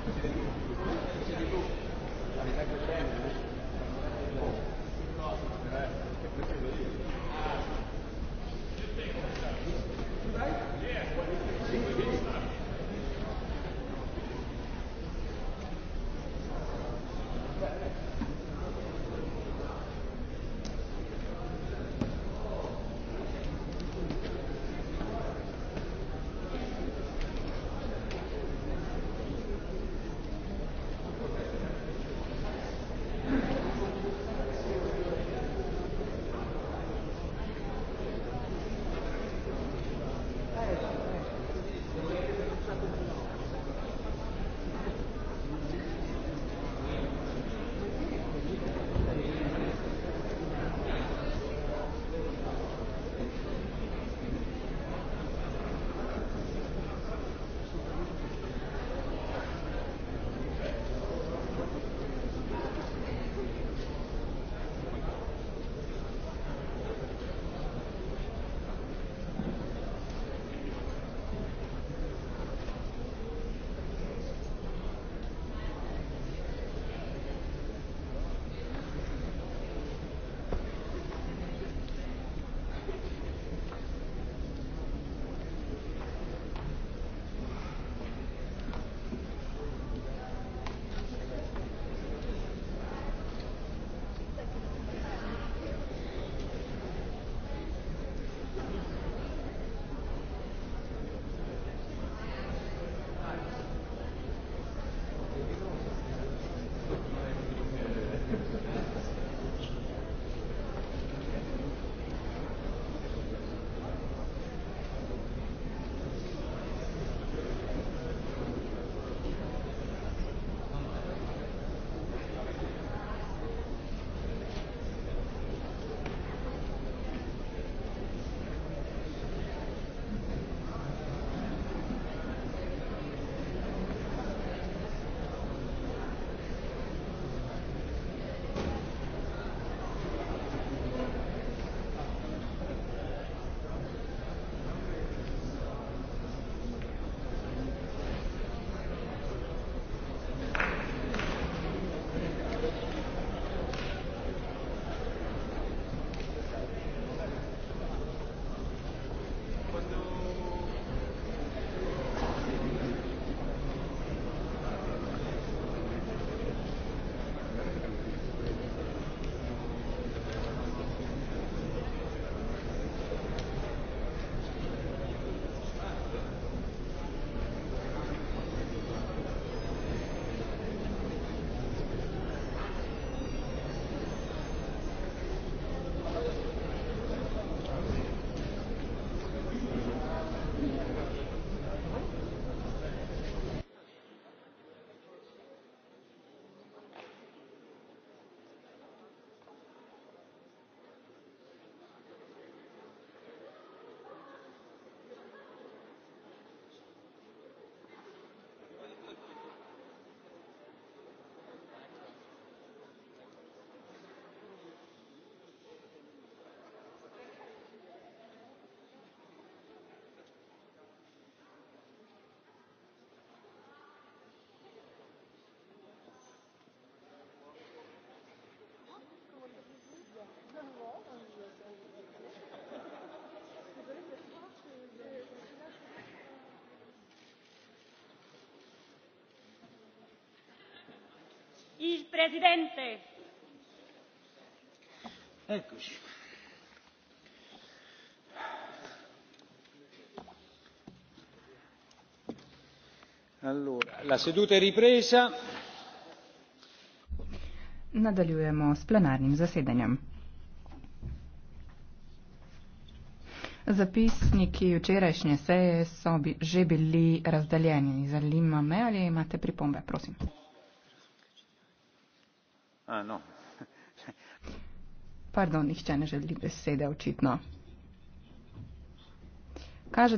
Grazie. il presidente eccoci allora la seduta è ripresa nadaljujemo s plenarnim zasedanjem Zapisniki včerajšnje seje so bi že bili razdaljeni. Zanima me, ali imate pripombe, prosim. A, no. Pardon, nihče ne želi besede, očitno. Kaže,